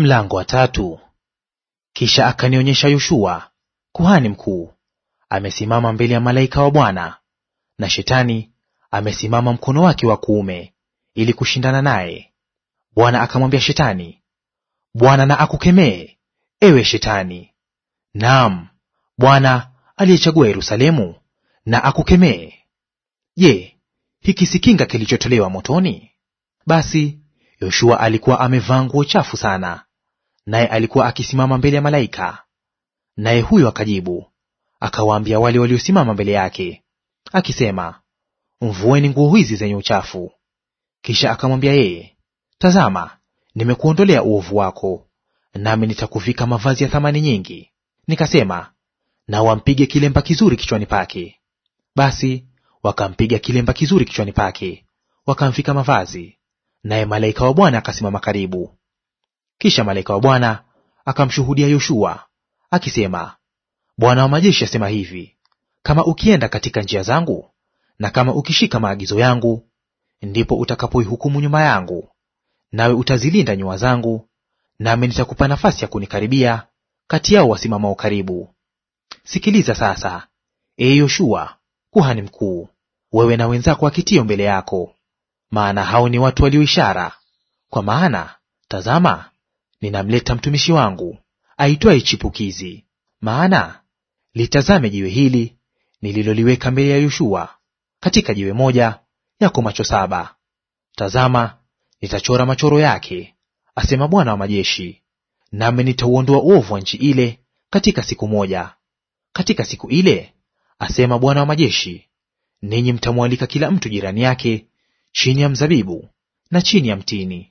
Mlango wa tatu. Kisha akanionyesha Yoshua kuhani mkuu amesimama mbele ya malaika wa Bwana, na Shetani amesimama mkono wake wa kuume ili kushindana naye. Bwana akamwambia Shetani, Bwana na akukemee, ewe Shetani. Naam, Bwana aliyechagua Yerusalemu na akukemee. Je, hiki si kinga kilichotolewa motoni? Basi Yoshua alikuwa amevaa nguo chafu sana naye alikuwa akisimama mbele ya malaika. Naye huyo akajibu akawaambia wale waliosimama mbele yake akisema, mvueni nguo hizi zenye uchafu. Kisha akamwambia yeye, tazama, nimekuondolea uovu wako, nami nitakuvika mavazi ya thamani nyingi. Nikasema, na wampige kilemba kizuri kichwani pake. Basi wakampiga kilemba kizuri kichwani pake, wakamvika mavazi. Naye malaika wa Bwana akasimama karibu. Kisha malaika wa Bwana akamshuhudia Yoshua akisema, Bwana wa majeshi asema hivi, kama ukienda katika njia zangu na kama ukishika maagizo yangu, ndipo utakapoihukumu nyumba yangu, nawe utazilinda nyua zangu, nami nitakupa nafasi ya kunikaribia kati yao wasimamao karibu. Sikiliza sasa, e Yoshua kuhani mkuu, wewe na wenzako wakitio mbele yako, maana hao ni watu walio ishara. Kwa maana tazama, ninamleta mtumishi wangu aitwaye chipukizi. Maana litazame jiwe hili nililoliweka mbele ya Yoshua, katika jiwe moja yako macho saba. Tazama, nitachora machoro yake, asema Bwana wa majeshi, nami nitauondoa uovu wa nchi ile katika siku moja. Katika siku ile, asema Bwana wa majeshi, ninyi mtamwalika kila mtu jirani yake chini ya mzabibu na chini ya mtini,